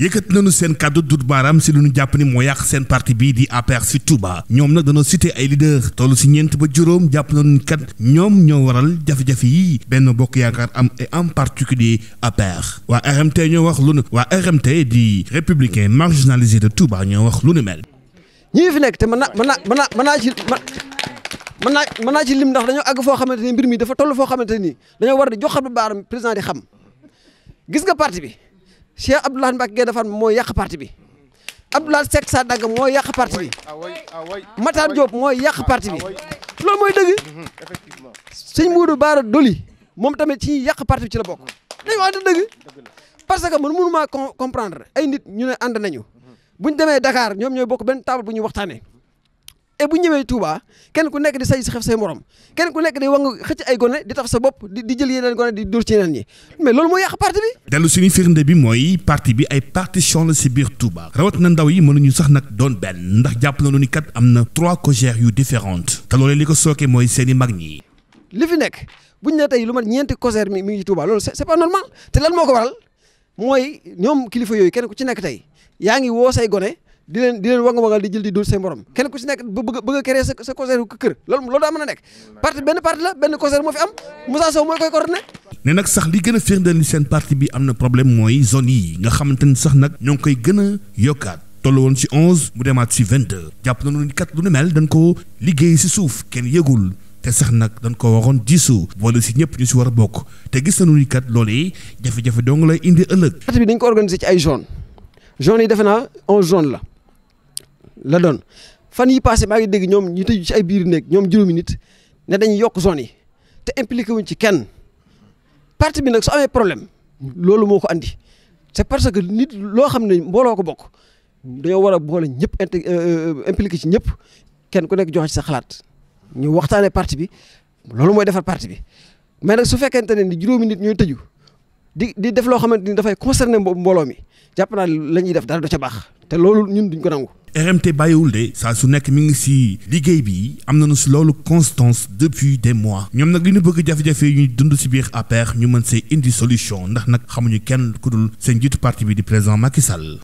yëkkat nañu seen kàddu dut baaraam si lu ñu jàpp ni moo yàq seen parti bii di APR si Touba ñoom nag dañoo cité ay leader toll si ñeent ba juróom jàpp nañu kat ñoom ñoo waral jafe-jafe yi benn bokk yaakaar am et en particulier APR waa RMT ñoo wax lu nu waa RMT di républicain marginalisé de Touba ñoo wax lu ne mel. ñii fi nekk te ma na mën naa mën naa ci mën naa mën naa ci lim ndax dañoo àgg foo xamante ni mbir mi dafa toll foo xamante ni dañoo war di jox xam baaram président gis nga parti bi. Cheikh Abdoulaye Mbacke Gueye Dafane moo yàq parti bi Abdoulaye Seck Sadaga moo yàq parti bi ah ah ah Matar Diop mooy yàq parti bi loolu mooy dëgg mhm, sëñ Moudou Baara Doli moom tamit ci yàq parti bi ci la bokk dañu waxante dëgg parce que man mënu maa comprendre ay nit ñu ne ànd nañu mhm. buñ demee Dakar ñoom ñooy bokk benn table bu ñuy waxtaanee. te bu ñëwee Touba kenn ku nekk di say si xef say morom kenn ku nekk di wang xëcc ay gone di taf sa bopp di di jël yeneen gone di dóor ci yeneen ñi mais loolu moo yàq parti bi dellu suñu firnde bi mooy parti bi ay partition la si biir Touba rawat na ndaw yi mën mënuñu sax nag doon benn ndax jàpp na nu ni kat am na trois cogères yu différentes te loolee li ko sooke mooy seen mag ñi li fi nekk bu ñu ne tey lu mat ñeenti cogère mi mi ngi ci Touba loolu c'est pas normal te lan ko waral mooy ñoom kilifa yooyu kenn ku ci nekk tey yaa ngi woo say gone di leen di leen wanga wangal di jël di dóor say morom kenn ku ci nekk bëgg bëgg a créer sa sa concert kër loolu daa mën a nekk parti benn parti la benn concert moo fi am Moussa Sow koy coordonné ne nag sax li gën a firndeel ni seen parti bi am na problème mooy zone yi nga xamante ni sax nag ñoo ngi koy gën a yokkaat toll woon ci onze mu demaat ci vingt-deux jàpp na ni kat lu nu mel dañ ko liggéey ci suuf kenn yëgul te sax nag dañ ko waxoon diisu boole si ñëpp ñu si war a bokk te gis nañu ni kat loolee lay indi ëllëg. parti bi dañ ko organisé ci ay zone zone yi defe naa la la doon fan yi passé maa ngi dégg ñoom ñu tëj ci ay biir néeg ñoom juróomi nit ne dañuy yokk zone yi te impliqué wuñ ci kenn parti bi nag su amee problème loolu moo ko andi c'est parce que nit loo xam ne mbooloo ko bokk dañoo war a boole ñëpp euh, euh, impliqué ci ñëpp kenn ku nekk joxe sa xalaat ñu waxtaanee parti bi loolu mooy defar parti bi mais nag su fekkente ne ni juróomi nit ñooy tëju di di def loo xamante ni dafay concerné mbooloo mi jàpp naa la ñuy def dara du ca baax. te loolu ñun duñ ko nangu. RMT bàyyiwul de saa su nekk mi ngi si liggéey bi am nañu si loolu constance depuis des mois ñoom nag li ñu bëgg jafe-jafe yi ñuy dund si biir APR ñu mën see indi solution ndax nag xamuñu kenn ku dul seen jiitu parti bi di président Macky Sall.